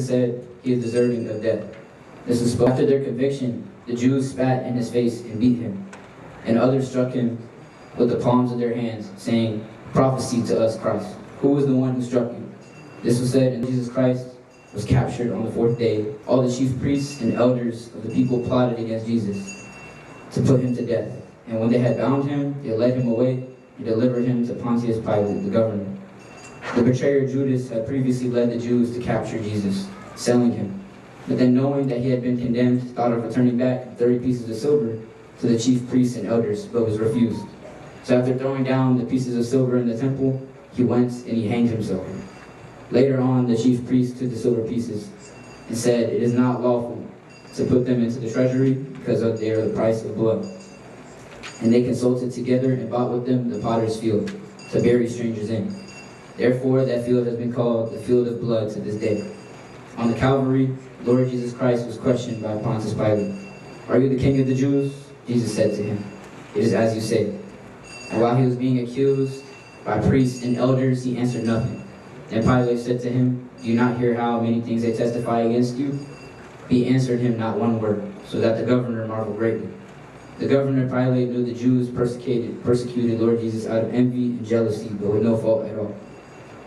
said he is deserving of death. This After their conviction, the Jews spat in his face and beat him. And others struck him with the palms of their hands, saying, Prophecy to us, Christ. Who was the one who struck you? This was said, and Jesus Christ was captured on the fourth day. All the chief priests and elders of the people plotted against Jesus to put him to death. And when they had bound him, they led him away and delivered him to Pontius Pilate, the governor. The betrayer Judas had previously led the Jews to capture Jesus, selling him. But then knowing that he had been condemned, thought of returning back 30 pieces of silver to the chief priests and elders, but was refused. So after throwing down the pieces of silver in the temple, he went and he hanged himself. Later on, the chief priest took the silver pieces and said, It is not lawful to put them into the treasury because they are the price of blood. And they consulted together and bought with them the potter's field to bury strangers in. Therefore, that field has been called the field of blood to this day. On the Calvary, Lord Jesus Christ was questioned by Pontius Pilate. Are you the king of the Jews? Jesus said to him, It is as you say. And while he was being accused by priests and elders, he answered nothing. And Pilate said to him, Do you not hear how many things they testify against you? He answered him not one word, so that the governor marveled greatly. The governor Pilate knew the Jews persecuted, persecuted Lord Jesus out of envy and jealousy, but with no fault at all.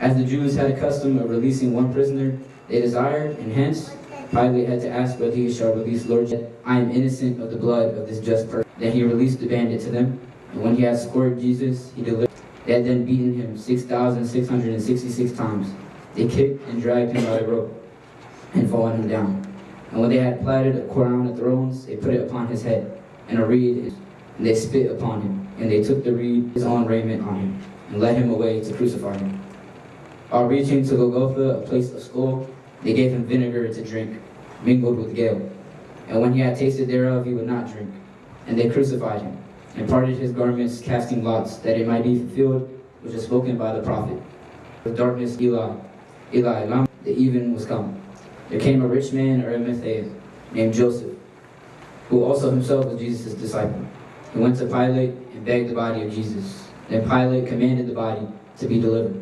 As the Jews had a custom of releasing one prisoner they desired, and hence Pilate had to ask whether he shall release Lord, Jesus. I am innocent of the blood of this just person. Then he released the bandit to them, and when he had scourged Jesus, he delivered. They had then beaten him 6,666 times. They kicked and dragged him by the rope and fallen him down. And when they had platted a crown of thorns, they put it upon his head, and a reed, and they spit upon him. And they took the reed, his own raiment, on him, and led him away to crucify him. While reaching to Golgotha, a place of skull, they gave him vinegar to drink, mingled with gall. And when he had tasted thereof, he would not drink. And they crucified him, and parted his garments, casting lots, that it might be fulfilled which was spoken by the prophet. With darkness, Eli, Eli, Lam, the even was come. There came a rich man of Arimathea, named Joseph, who also himself was Jesus' disciple. He went to Pilate and begged the body of Jesus. Then Pilate commanded the body to be delivered.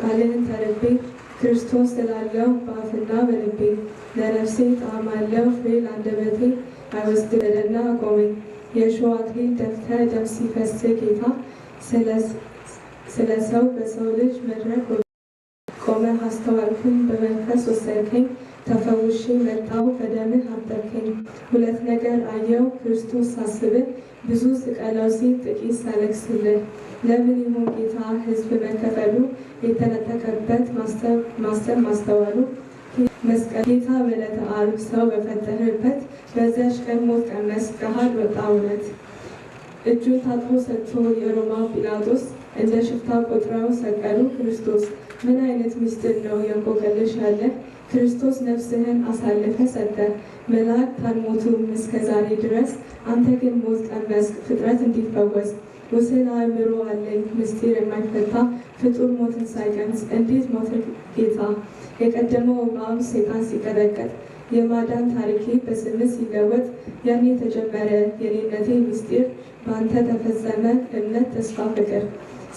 ቃልህን ተርቤ ክርስቶስ ስላለው በአፍና በልቤ ለነፍሴ ጣዕም አለው ፍሬ ለአንደበቴ አይወስድልና አቆመኝ። የሸዋቴ ደፍተ ደፍተህ ደም ሲፈስ ጌታ ስለ ሰው በሰው ልጅ መድረክ ቆመ አስተዋልኩኝ። በመንፈስ ወሰድከኝ ተፈውሼ መጣው በደምህ አጠርከኝ። ሁለት ነገር አየው ክርስቶስ ሳስብህ ብዙ ስቀለው ሲል ጥቂት ሳለቅስልህ ለምን ይሁን ጌታ ሕዝብ መከፈሉ የተነጠቀበት ማሰብ ማስተዋሉ መስቀል ጌታ በዕለተ ዓርብ ሰው በፈጠረበት በዚያች ቀን ሞት ቀመስ ገሃድ ወጣ እውነት። እጁን ታጥፎ ሰጥቶ የሮማ ጲላጦስ እንደ ሽፍታ ቆጥረው ሰቀሉ ክርስቶስ። ምን አይነት ምስጢር ነው የንቆቀልሽ ያለ ክርስቶስ ነፍስህን አሳልፈ ሰጠ። መልአክ ታልሞቱም እስከ ዛሬ ድረስ አንተ ግን ሞት ቀመስክ ፍጥረት እንዲፈወስ ውስን አእምሮ አለኝ ምስጢር የማይፈታ ፍጡር ሞትን ሳይቀምስ እንዴት ሞተ ጌታ? የቀደመው ሕማም ሰይጣን ሲቀጠቀጥ የማዳን ታሪኬ በስም ሲለወጥ ያኔ የተጀመረ የኔነቴ ምስጢር በአንተ ተፈጸመ እምነት፣ ተስፋ፣ ፍቅር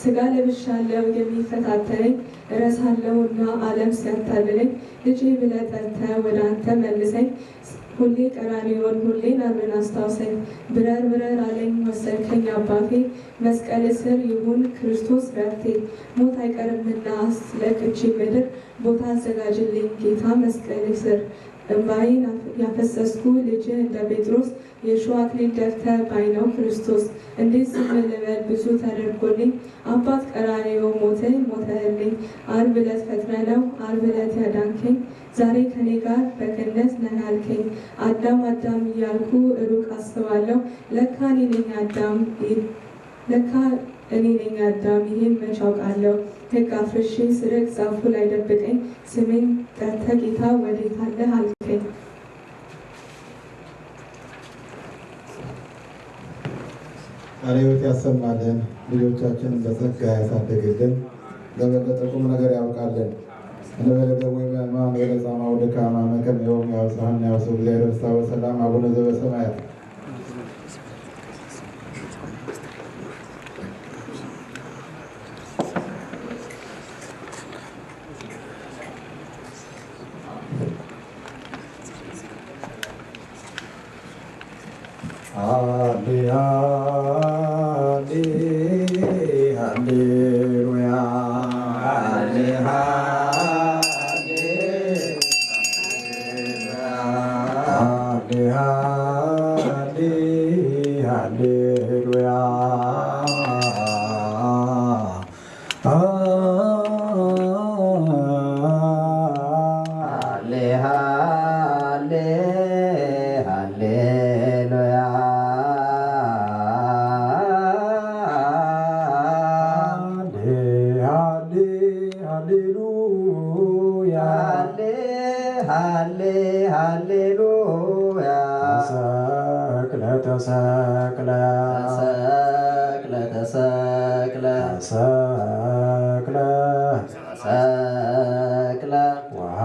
ስጋ ለብሻለው የሚፈታተነኝ እረሳለሁና ዓለም ሲያታልለኝ ልጄ ብለህ ጠርተህ ወደ አንተ መልሰኝ ሁሌ ቀራኒዮን ሁሌ ናምን አስታውሰኝ። ብረር ብረር አለኝ ወሰድከኝ አባቴ፣ መስቀል ስር ይሁን ክርስቶስ ረፍቴ። ሞት አይቀርምና አስለቅቺ ምድር ቦታ አዘጋጅልኝ ጌታ መስቀል ስር እምባዬን ያፈሰስኩ ልጅ እንደ ጴጥሮስ የሾህ አክሊል ባይ ነው ክርስቶስ እንዴት ዝም ልበል ብዙ ተደርጎልኝ አባት ቀራንዮ ሞተ ሞተህልኝ አርብ ዕለት ፈጥረህ አርብ ዕለት ያዳንከኝ ዛሬ ከኔ ጋር በክነት ነህ ያልከኝ አዳም አዳም እያልኩ ሩቅ አስባለሁ ለካ እኔ ነኝ አዳም ይሄን መች አውቃለሁ ሕግ አፍርሼ ስርቅ ዛፉ ላይ ደብቀኝ። ስሜን ጠርተ ጌታ ወዴት አለህ አልከኝ። አሬዎት ያሰማልን፣ ልጆቻችን በጸጋ ያሳደግልን፣ ለበለጠ ቁም ነገር ያውቃልን። ለበለጠ ወይመማ በለጻማ ወደካማ መከም የውም ያውፅሀን ያውሱ እግዚአብሔር በሰላም አቡነ ዘበሰማያት Hallelujah.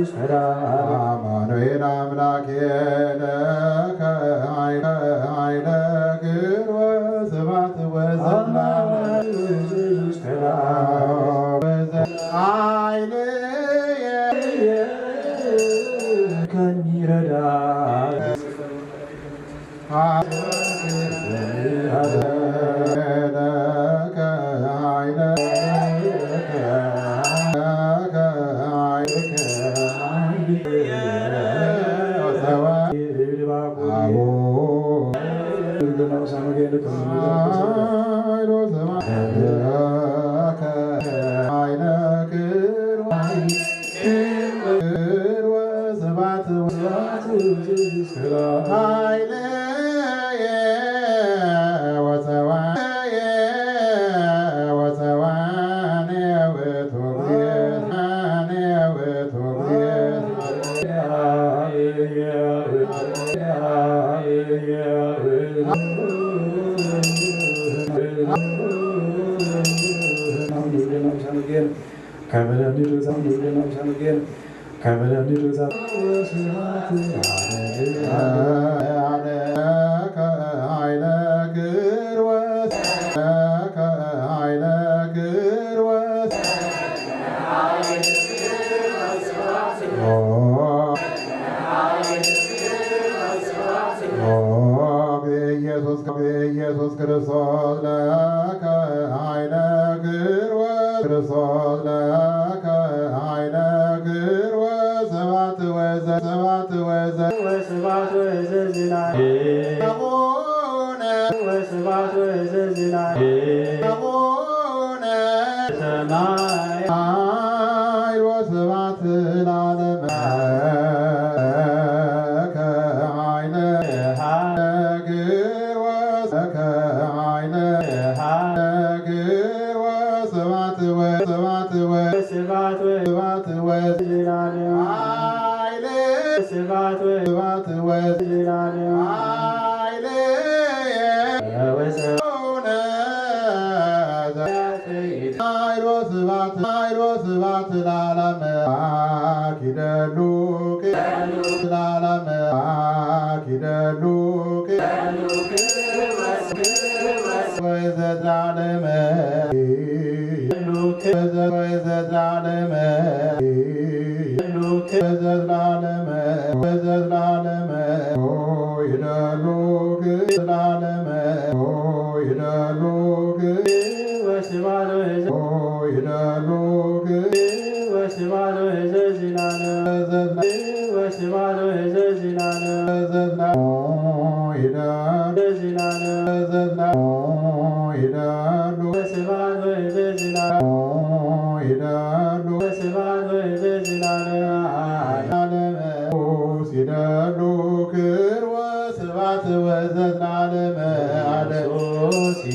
Israel. ከበደኒ Sanai Oh,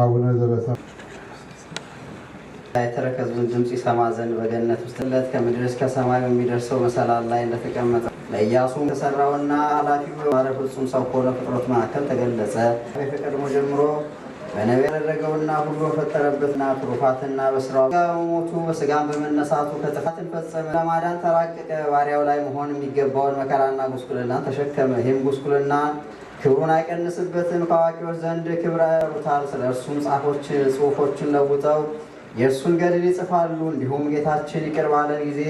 አቡነ ዘበሰማያት የተረከዙን ድምፅ ይሰማ ዘንድ በገነት ውስጥ ለት ከምድር እስከ ሰማይ በሚደርሰው መሰላል ላይ እንደተቀመጠ ለኢያሱ የተሰራውና ኃላፊው ባለ ፍጹም ሰው ከሆነ ፍጥረት መካከል ተገለጸ። ከቀድሞ ጀምሮ በነቢ ያደረገውና ሁሉ በፈጠረበትና ትሩፋትና በስራው በሞቱ በስጋን በመነሳቱ ከጥፋትን ፈጸመ። ለማዳን ተራቀቀ። ባሪያው ላይ መሆን የሚገባውን መከራና ጉስኩልና ተሸከመ። ይህም ጉስቁልና ክብሩን አይቀንስበትም። ከአዋቂዎች ዘንድ ክብር ያሩታል። ስለ እርሱም ጻፎች ጽሁፎችን ለውጠው የእርሱን ገድል ይጽፋሉ። እንዲሁም ጌታችን ይቅር ባለን ጊዜ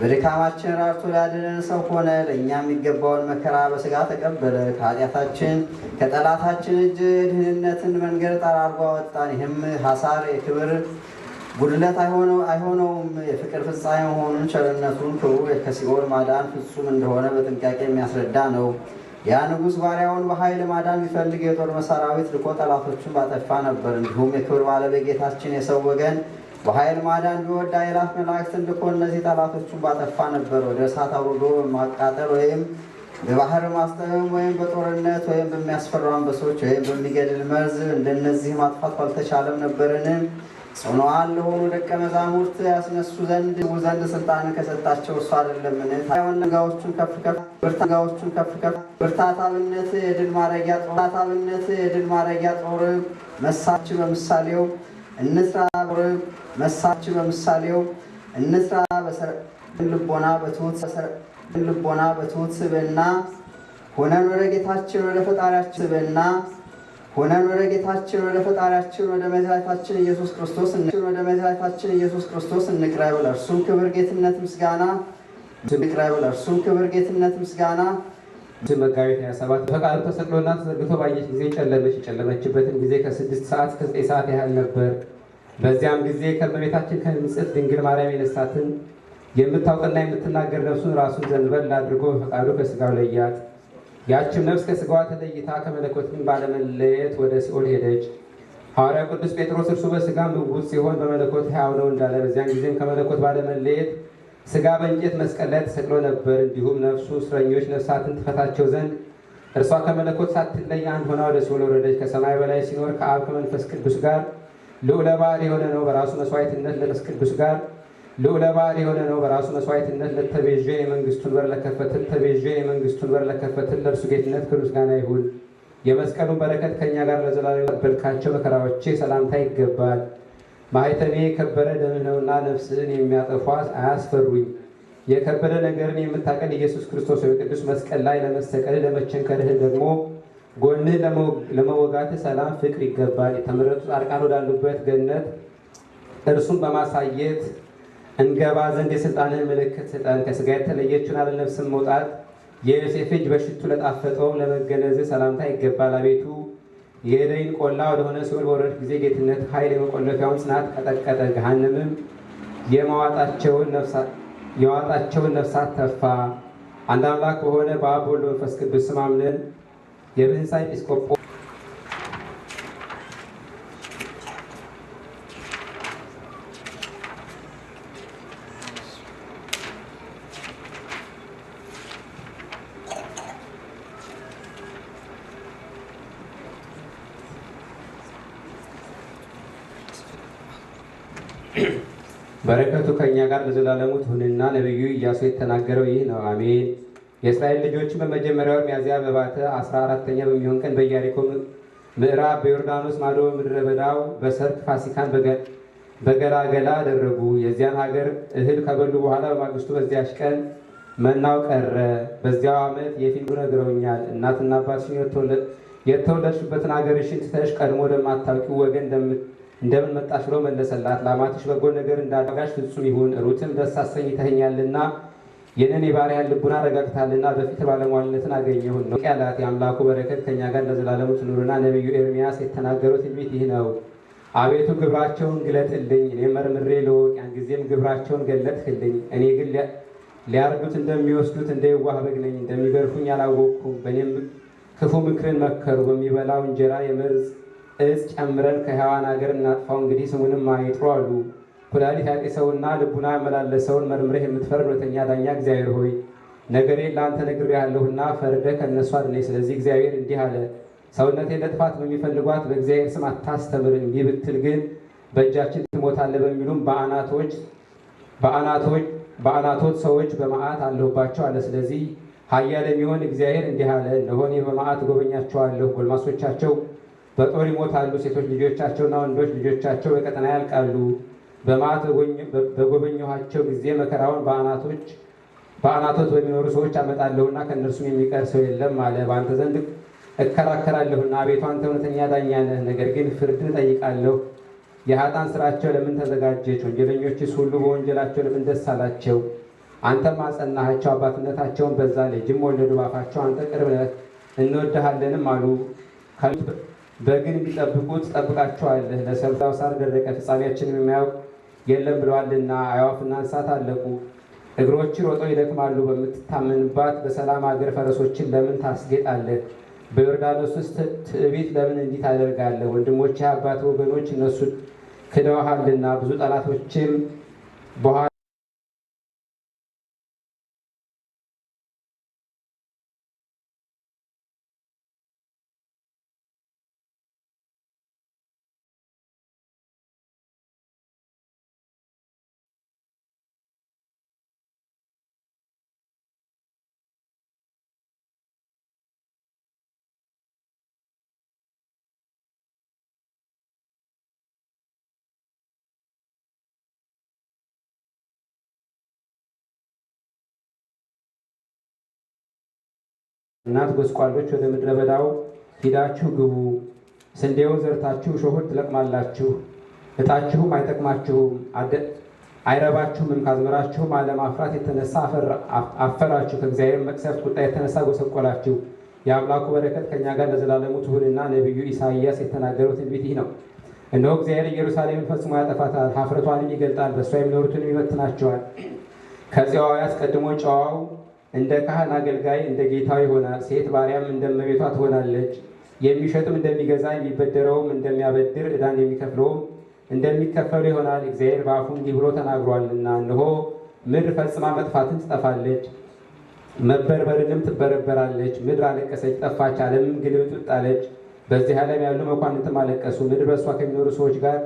በድካማችን ራርቶ ሊያድነን ሰው ሆነ። ለእኛ የሚገባውን መከራ በስጋ ተቀበለ። ከኃጢአታችን ከጠላታችን እጅ ድህንነትን መንገድ ጠራርጎ አወጣን። ይህም ሀሳር የክብር ጉድለት አይሆነውም፣ የፍቅር ፍጻሜ መሆኑን ቸርነቱን፣ ክቡር ከሲኦል ማዳን ፍጹም እንደሆነ በጥንቃቄ የሚያስረዳ ነው። ያ ንጉሥ ባሪያውን በኃይል ማዳን ቢፈልግ የጦር መሰራዊት ልኮ ጠላቶችን ባጠፋ ነበር። እንዲሁም የክብር ባለቤት ጌታችን የሰው ወገን በኃይል ማዳን ቢወዳ የላፍ መላእክትን ልኮ እነዚህ ጠላቶቹን ባጠፋ ነበር። ወደ እሳት አውርዶ በማቃጠል ወይም በባህር ማስጠበም ወይም በጦርነት ወይም በሚያስፈራ አንበሶች ወይም በሚገድል መርዝ እንደነዚህ ማጥፋት ባልተቻለም ነበርን? ጽኑዓን ለሆኑ ደቀ መዛሙርት ያስነሱ ዘንድ ው ዘንድ ስልጣን ከሰጣቸው እሱ አይደለምን? ጋዎቹን ከፍ ከፍ ብርታጋዎቹን ከፍ ከፍ ብርታታብነት የድል ማድረጊያ ጦርታብነት የድል ማረጊያ ጦር መሳች በምሳሌው እንስራ ጦር መሳች በምሳሌው እንስራ ልቦና በትሁት ልቦና በትሁት ስብና ሆነን ወደ ጌታችን ወደ ፈጣሪያችን ስብና ሆነን ወደ ጌታችን ወደ ፈጣሪያችን ወደ መድኃኒታችን ኢየሱስ ክርስቶስ ወደ መድኃኒታችን ኢየሱስ ክርስቶስ እንቅረብ። ለእርሱም ክብር፣ ጌትነት፣ ምስጋና እንቅረብ። ለእርሱም ክብር፣ ጌትነት፣ ምስጋና መጋቢት 27 በቃሉ ተሰቅሎና ተዘግቶ ባየች ጊዜ ጨለመች። የጨለመችበትን ጊዜ ከስድስት ሰዓት እስከ ዘጠኝ ሰዓት ያህል ነበር። በዚያም ጊዜ ከእመቤታችን ከንጽሕት ድንግል ማርያም የነሳትን የምታውቅና የምትናገር ነፍሱን ራሱን ዘንበል አድርጎ በፈቃዱ ከሥጋው ለያት። ያችም ነፍስ ከስጋዋ ተለይታ ከመለኮትም ባለመለየት ወደ ሲኦል ሄደች። ሐዋርያው ቅዱስ ጴጥሮስ እርሱ በስጋ ምውት ሲሆን በመለኮት ሕያው ነው እንዳለ፣ በዚያን ጊዜም ከመለኮት ባለመለየት ስጋ በእንጨት መስቀል ላይ ተሰቅሎ ነበር። እንዲሁም ነፍሱ እስረኞች ነፍሳትን ትፈታቸው ዘንድ እርሷ ከመለኮት ሳትለይ አንድ ሆና ወደ ሲኦል ወረደች። ከሰማይ በላይ ሲኖር ከአብ ከመንፈስ ቅዱስ ጋር ልዑለ ባሕርይ የሆነ ነው። በራሱ መስዋዕትነት ለመንፈስ ቅዱስ ጋር ልዑለ ባሕርይ የሆነ ነው። በራሱ መስዋዕትነት ለተቤዥ የመንግስቱን በር ለከፈትን ተቤዥ የመንግስቱን በር ለከፈትን ለእርሱ ጌትነት ክብር ምስጋና ይሁን። የመስቀሉን በረከት ከእኛ ጋር ለዘላለም በልካቸው መከራዎቼ ሰላምታ ይገባል። ማይተኔ የከበረ ደምህ ነውና ነፍስህን የሚያጠፏ አያስፈሩኝ። የከበረ ነገርን የምታቀል ኢየሱስ ክርስቶስ ቅዱስ መስቀል ላይ ለመሰቀልህ ለመቸንከርህ ደግሞ ጎንህ ለመወጋትህ ሰላም ፍቅር ይገባል። የተመረጡ ጻድቃን ወዳሉበት ገነት እርሱን በማሳየት እንገባ ዘንድ የሥልጣንን ምልክት ስጠን። ከሥጋ የተለየችውን አለ መውጣት የዮሴፍ እጅ በሽቱ ለጣፈጠው ለመገነዝ ሰላምታ ይገባል። አቤቱ የደይን ቆላ ወደሆነ ሲኦል በወረድ ጊዜ ጌትነት ኃይል የመቆለፊያውን ጽናት ቀጠቀጠ። ገሃነምም የማዋጣቸውን ነፍሳት ተፋ። አንድ አምላክ በሆነ በአብ ወልድ መንፈስ ቅዱስ ስም አምነን የብህንሳ ኤጲስቆጶ ለዘላለሙ ትሁንና ነቢዩ ኢያሱ የተናገረው ይህ ነው። አሜን። የእስራኤል ልጆችን በመጀመሪያው ሚያዝያ በባተ አስራ አራተኛ በሚሆን ቀን በኢያሪኮ ምዕራብ በዮርዳኖስ ማዶ ምድረ በዳው በሰርክ ፋሲካን በገላገላ አደረጉ። የዚያን ሀገር እህል ከበሉ በኋላ በማግስቱ በዚያች ቀን መናው ቀረ። በዚያው ዓመት የፊልዱ ነግረውኛል። እናትና አባትሽን የተወለድሽበትን ሀገርሽን ትተሽ ቀድሞ ወደማታውቂው ወገን እንደምት እንደምን መጣሽ ብሎ መለሰላት። ለአማትሽ በጎ ነገር እንዳደረጋሽ ፍጹም ይሁን። ሩትም ደስ አሰኝተኸኛልና የነኔ የባሪያን ልቡና አረጋግታልና በፊት ባለሟልነትን አገኘሁ ነው ያላት። የአምላኩ በረከት ከኛ ጋር ለዘላለሙ ትኑርና ነቢዩ ኤርሚያስ የተናገሩት ትንቢት ይህ ነው። አቤቱ ግብራቸውን ግለጥልኝ፣ እኔ መርምሬ ልወቅ። ያን ጊዜም ግብራቸውን ገለጥህልኝ። እኔ ግን ሊያርዱት እንደሚወስዱት እንደ የዋህ በግ ነኝ። እንደሚገርፉኝ አላወቅኩም። በእኔም ክፉ ምክርን መከሩ። በሚበላው እንጀራ የመርዝ እስ ጨምረን ከሕያዋን ሀገር እናጥፋው፣ እንግዲህ ስሙንም አይጥሩ አሉ። ኩላሊት ሰውና ልቡና ያመላለሰውን መርምረህ የምትፈርድ እውነተኛ ዳኛ እግዚአብሔር ሆይ ነገሬን ለአንተ ያለሁና ፈርደ ከእነሱ አድነኝ። ስለዚህ እግዚአብሔር እንዲህ አለ፣ ሰውነቴን ለጥፋት በሚፈልጓት በእግዚአብሔር ስም አታስተምር፣ እንዲህ ብትል ግን በእጃችን ትሞታለህ በሚሉም በአናቶች በአናቶች በአናቶት ሰዎች በመዓት አለሁባቸው አለ። ስለዚህ ሀያ ለሚሆን እግዚአብሔር እንዲህ አለ፣ እነሆ እኔ በመዓት ጎበኛቸዋለሁ ጎልማሶቻቸው በጦር ይሞታሉ፣ ሴቶች ልጆቻቸውና ወንዶች ልጆቻቸው በቀጠና ያልቃሉ። በማት በጎበኘኋቸው ጊዜ መከራውን በአናቶች በአናቶት በሚኖሩ ሰዎች አመጣለሁና ከእነርሱም የሚቀር ሰው የለም አለ። በአንተ ዘንድ እከራከራለሁና አቤቱ አንተ እውነተኛ ዳኛ ነህ። ነገር ግን ፍርድን እጠይቃለሁ። የሀጣን ስራቸው ለምን ተዘጋጀች? ወንጀለኞችስ ሁሉ በወንጀላቸው ለምን ደስ አላቸው? አንተም አጸናሃቸው፣ አባትነታቸውን በዛ። ልጅም ወለዱ፣ ባፋቸው አንተ ቅርብ ነህ እንወድሃለንም አሉ። በግን የሚጠብቁት ጠብቃቸዋለህ። ለሰብዛው ሳር ደረቀ፣ ፍጻሜያችንን የሚያውቅ የለም ብለዋልና። አዕዋፍና እንስሳት አለቁ፣ እግሮች ሮጠው ይደክማሉ። በምትታመንባት በሰላም አገር ፈረሶችን ለምን ታስጌጣለህ? በዮርዳኖስ ውስጥ ትዕቢት ለምን እንዲህ ታደርጋለህ? ወንድሞች አባት ወገኖች እነሱ ክደውሃልና ብዙ ጠላቶችም በኋላ እናት ጎስቋሎች ወደ ምድረ በዳው ሂዳችሁ ግቡ፣ ስንዴው ዘርታችሁ ሾሁን ትለቅማላችሁ፣ እጣችሁም አይጠቅማችሁም አይረባችሁም። ካዝመራችሁም አለማፍራት የተነሳ አፈራችሁ፣ ከእግዚአብሔር መቅሰፍት ቁጣ የተነሳ ጎሰቆላችሁ። የአምላኩ በረከት ከእኛ ጋር ለዘላለሙ ትሁንና ነቢዩ ኢሳይያስ የተናገረው ትንቢት ይህ ነው። እነሆ እግዚአብሔር ኢየሩሳሌምን ፈጽሞ ያጠፋታል፣ ሀፍረቷንም ይገልጣል፣ በእሷ የሚኖሩትንም ይበትናቸዋል። ከጽዋው አስቀድሞ ጨዋው እንደ ካህን አገልጋይ እንደ ጌታ ይሆናል። ሴት ባሪያም እንደመቤቷ ትሆናለች። የሚሸጥም እንደሚገዛ፣ የሚበደረውም እንደሚያበድር፣ ዕዳ የሚከፍለውም እንደሚከፈሉ ይሆናል። እግዚአብሔር በአፉ እንዲህ ብሎ ተናግሯልና፣ እንሆ ምድር ፈጽማ መጥፋትን ትጠፋለች፣ መበርበርንም ትበረበራለች። ምድር አለቀሰች፣ ጠፋች፣ ዓለምም ግልብጥብጥ አለች። በዚህ ዓለም ያሉ መኳንንትም አለቀሱ። ምድር በእሷ ከሚኖሩ ሰዎች ጋር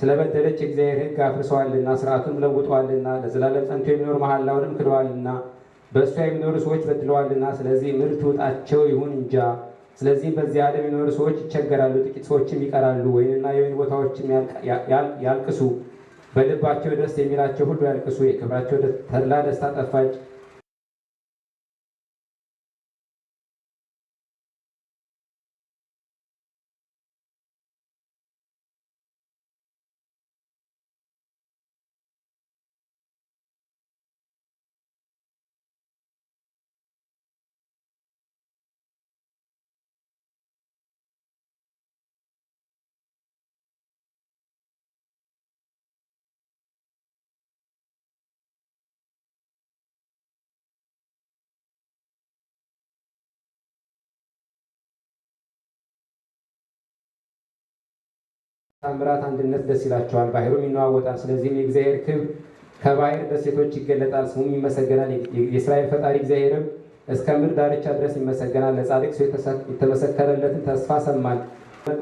ስለበደለች የእግዚአብሔር ሕግ አፍርሰዋልና፣ ስርዓቱን ለውጠዋልና፣ ለዘላለም ጸንቶ የሚኖር መሐላውንም ክደዋልና በእሷ የሚኖሩ ሰዎች በድለዋልና ስለዚህ ምርት ውጣቸው ይሁን እንጃ። ስለዚህ በዚህ ዓለም የሚኖሩ ሰዎች ይቸገራሉ፣ ጥቂት ሰዎችም ይቀራሉ። ወይንና የወይን ቦታዎችም ያልቅሱ፣ በልባቸው ደስ የሚላቸው ሁሉ ያልቅሱ። የክብራቸው ተድላ ደስታ ጠፋጭ ታምራት አንድነት ደስ ይላቸዋል፣ ባህሩም ይነዋወጣል። ስለዚህም የእግዚአብሔር ክብር ከባህር ደሴቶች ይገለጣል፣ ስሙም ይመሰገናል። የእስራኤል ፈጣሪ እግዚአብሔርም እስከ ምድር ዳርቻ ድረስ ይመሰገናል። ለጻድቅ ሰው የተመሰከረለትን ተስፋ ሰማል።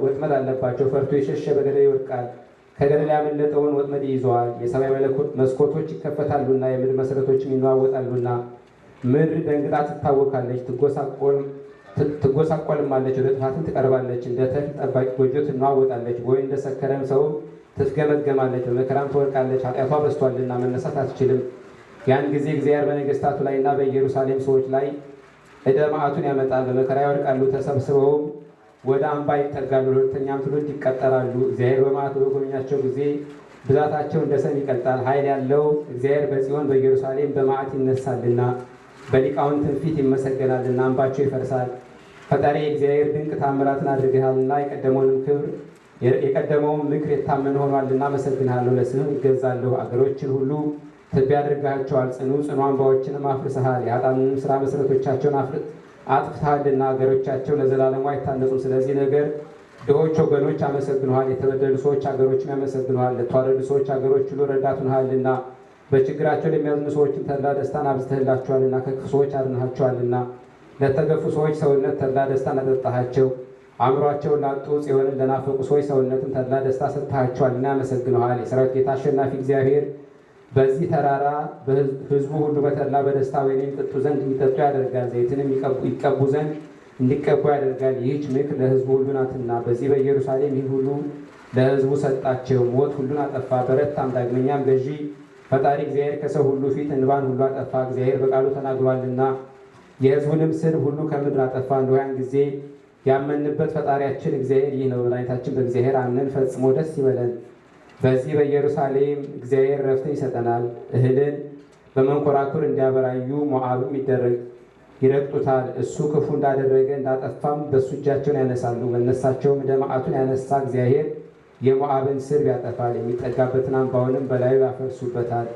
ወጥመድ አለባቸው፣ ፈርቶ የሸሸ በገደል ይወድቃል። ከገደል ያመለጠውን ወጥመድ ይዘዋል። የሰማይ መለኮት መስኮቶች ይከፈታሉና የምድር መሰረቶችም ይነዋወጣሉና ምድር ደንግጣ ትታወካለች፣ ትጎሳቆልም ትጎሳቆልማለች፣ ወደ ጥፋትን ትቀርባለች። እንደ ተል ጠባቂ ጎጆ ትናወጣለች፣ ወይ እንደ ሰከረም ሰው ትፍገመገማለች። በመከራም ትወድቃለች፣ ኃጢአቷ በዝቷልና መነሳት አትችልም። ያን ጊዜ እግዚአብሔር በነገስታቱ ላይ እና በኢየሩሳሌም ሰዎች ላይ እደ መዓቱን ያመጣል። በመከራ ይወድቃሉ፣ ተሰብስበውም ወደ አምባ ይጠጋሉ፣ ሁለተኛም ትውልድ ይቀጠራሉ። እግዚአብሔር በመዓቱ በጎበኛቸው ጊዜ ብዛታቸው እንደ ሰም ይቀልጣል። ኃይል ያለው እግዚአብሔር በጽዮን በኢየሩሳሌም በማዕት ይነሳልና በሊቃውንትን ፊት ይመሰገናልና አንባቸው ይፈርሳል። ፈጣሪ እግዚአብሔር ድንቅ ታምራትን አድርገሃልና የቀደመውንም ክብር የቀደመውን ምክር የታመነ ሆኗልና አመሰግንሃለሁ። ለስምም እገዛለሁ። አገሮችን ሁሉ ትቢያ አድርጋቸዋል። ጽኑ ጽኑ አምባዎችንም አፍርሰሃል። የኃጥአንንም ስራ መሰረቶቻቸውን አጥፍተሃልና አገሮቻቸው ለዘላለሙ አይታነጹም። ስለዚህ ነገር ድሆች ወገኖች አመሰግንሃል። የተበደሉ ሰዎች አገሮችን ያመሰግንሃል። ለተዋረዱ ሰዎች አገሮች ሁሉ ረዳት ሆነሃልና በችግራቸው ለሚያዝኑ ሰዎችን ተድላ ደስታን አብዝተህላቸዋልና ከክፉ ሰዎች አድንሃቸዋልና። ለተገፉ ሰዎች ሰውነት ተድላ ደስታን አጠጣሃቸው። አእምሯቸውን ላጡ ጽዮንን ለናፈቁ ሰዎች ሰውነትን ተድላ ደስታ ሰጥተሃቸዋልና ያመሰግነዋል። የሰራዊት ጌታ አሸናፊ እግዚአብሔር በዚህ ተራራ ህዝቡ ሁሉ በተድላ በደስታ ወይን የሚጠጡ ዘንድ እንዲጠጡ ያደርጋል፣ ዘይትንም ይቀቡ ዘንድ እንዲቀቡ ያደርጋል። ይህች ምክር ለህዝቡ ሁሉ ናትና በዚህ በኢየሩሳሌም ይህ ሁሉ ለህዝቡ ሰጣቸው። ሞት ሁሉን አጠፋ፣ በረታም ዳግመኛም ገዢ ፈጣሪ እግዚአብሔር ከሰው ሁሉ ፊት እንባን ሁሉ አጠፋ፣ እግዚአብሔር በቃሉ ተናግሯልና የሕዝቡንም ስድብ ሁሉ ከምድር አጠፋ። እንደውያን ጊዜ ያመንበት ፈጣሪያችን እግዚአብሔር ይህ ነው። መድኃኒታችን በእግዚአብሔር አምነን ፈጽሞ ደስ ይበለን። በዚህ በኢየሩሳሌም እግዚአብሔር ረፍትን ይሰጠናል። እህልን በመንኮራኩር እንዲያበራዩ ሞዓብም ይደረግ ይረግጡታል። እሱ ክፉ እንዳደረገ እንዳጠፋም በሱ እጃቸውን ያነሳሉ። በነሳቸውም ደማዓቱን ያነሳ እግዚአብሔር የሞአብን ስር ያጠፋል፣ የሚጠጋበትን አምባውንም በላዩ ያፈርሱበታል።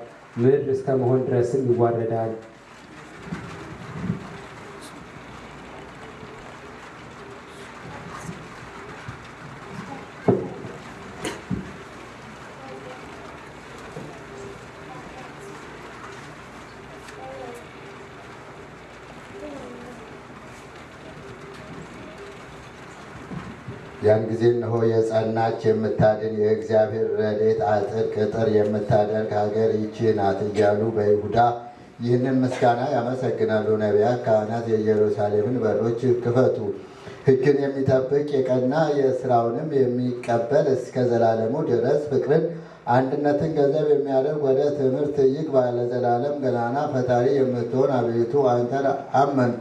ምድር እስከ መሆን ድረስም ይዋረዳል። ስለዚህ እንሆ የጸናች የምታድን የእግዚአብሔር ረድኤት አጥር ቅጥር የምታደርግ ሀገር ይቺ ናት እያሉ በይሁዳ ይህንን ምስጋና ያመሰግናሉ። ነቢያት፣ ካህናት የኢየሩሳሌምን በሮች ክፈቱ፣ ሕግን የሚጠብቅ የቀና የስራውንም የሚቀበል እስከ ዘላለሙ ድረስ ፍቅርን አንድነትን ገንዘብ የሚያደርግ ወደ ትምህርት ይግባ። ባለዘላለም ገናና ፈጣሪ የምትሆን አቤቱ አንተን አመንኩ።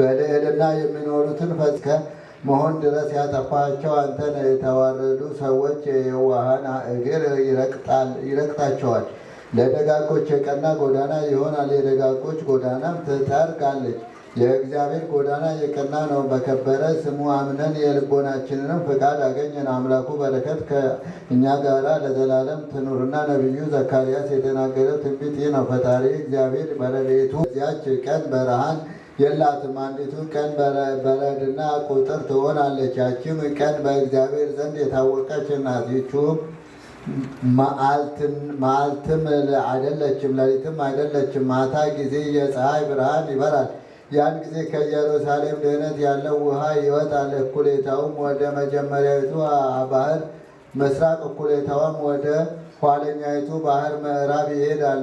በልዕልና የሚኖሩትን ፈጽከ መሆን ድረስ ያጠፋቸው አንተን የተዋረዱ ሰዎች የዋሃን እግር ይረግጣቸዋል። ለደጋጎች የቀና ጎዳና ይሆናል። የደጋጎች ጎዳናም ትጠርጋለች። የእግዚአብሔር ጎዳና የቀና ነው። በከበረ ስሙ አምነን የልቦናችንንም ፈቃድ አገኘን። አምላኩ በረከት ከእኛ ጋር ለዘላለም ትኑርና ነቢዩ ዘካርያስ የተናገረው ትንቢት ይህ ነው። ፈጣሪ እግዚአብሔር በረቤቱ እዚያች ቀን በረሃን የላትም። አንዲቱ ቀን በረድና ቁጥር ትሆናለች። ያችም ቀን በእግዚአብሔር ዘንድ የታወቀች ናት። ይችም መዓልትም አይደለችም፣ ሌሊትም አይደለችም። ማታ ጊዜ የፀሐይ ብርሃን ይበራል። ያን ጊዜ ከኢየሩሳሌም ድህነት ያለው ውሃ ይወጣል። እኩሌታውም ወደ መጀመሪያዊቱ ባህር ምስራቅ፣ እኩሌታውም ወደ ኋለኛይቱ ባህር ምዕራብ ይሄዳል።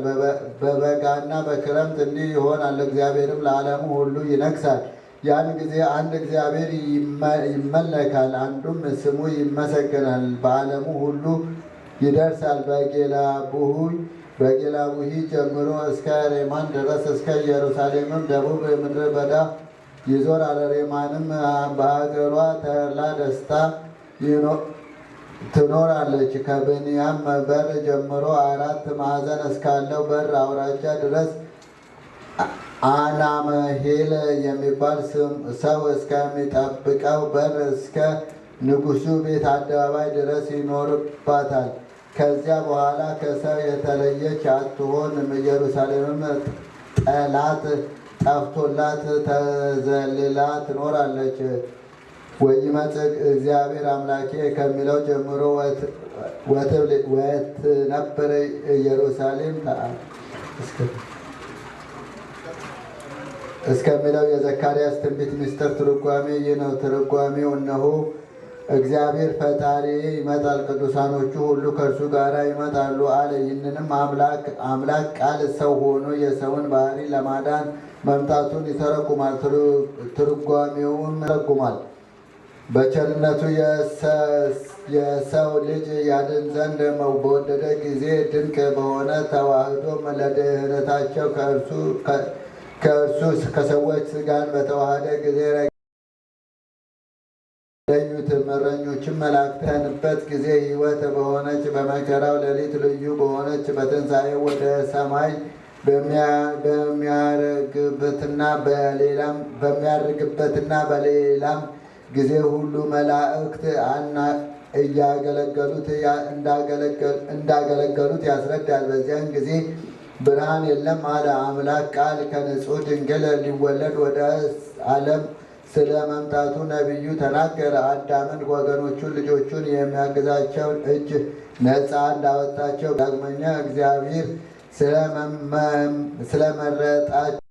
በበጋና በክረምት እንዲህ ይሆናል። እግዚአብሔርም ለዓለሙ ሁሉ ይነግሳል። ያን ጊዜ አንድ እግዚአብሔር ይመለካል፣ አንዱም ስሙ ይመሰገናል። በዓለሙ ሁሉ ይደርሳል። በጌላ ቡሂ ጀምሮ እስከ ሬማን ድረስ እስከ ኢየሩሳሌምም ደቡብ ምድረ በዳ ይዞራል። ሬማንም በሀገሯ ተላ ደስታ ትኖራለች። ከብንያም በር ጀምሮ አራት ማዕዘን እስካለው በር አውራጃ ድረስ አናመሄል የሚባል ሰው እስከሚጠብቀው በር እስከ ንጉሱ ቤት አደባባይ ድረስ ይኖርባታል። ከዚያ በኋላ ከሰው የተለየች አትሆንም። ኢየሩሳሌምም ጠላት ጠፍቶላት ተዘልላ ትኖራለች። ወይመጽእ እግዚአብሔር አምላኬ ከሚለው ጀምሮ ነበረ ኢየሩሳሌም እስከሚለው የዘካርያስ ትንቢት ምስጢር ትርጓሜ ይህ ነው። ትርጓሜው እነሆ እግዚአብሔር ፈጣሪ ይመጣል፣ ቅዱሳኖቹ ሁሉ ከእርሱ ጋር ይመጣሉ አለ። ይህንንም አምላክ ቃል ሰው ሆኖ የሰውን ባህሪ ለማዳን መምጣቱን ይተረጉማል። ትርጓሜውም ይተረጉማል በቸርነቱ የሰው ልጅ ያድን ዘንድ በወደደ ጊዜ ድንቅ በሆነ ተዋህዶ ለድኅነታቸው ከእርሱ ከሰዎች ስጋን በተዋህደ ጊዜ ለዩት እረኞችም መላክተንበት ጊዜ ሕይወት በሆነች በመከራው ሌሊት ልዩ በሆነች በትንሣኤ ወደ ሰማይ በሚያርግበትና በሌላም በሚያርግበትና በሌላም ጊዜ ሁሉ መላእክት እያገለገሉት እንዳገለገሉት ያስረዳል። በዚያን ጊዜ ብርሃን የለም አለ። አምላክ ቃል ከንጹሕ ድንግል ሊወለድ ወደ ዓለም ስለ መምጣቱ ነቢዩ ተናገረ። አዳምን ወገኖቹን፣ ልጆቹን የሚያግዛቸውን እጅ ነፃ እንዳወጣቸው ዳግመኛ እግዚአብሔር ስለመረጣቸው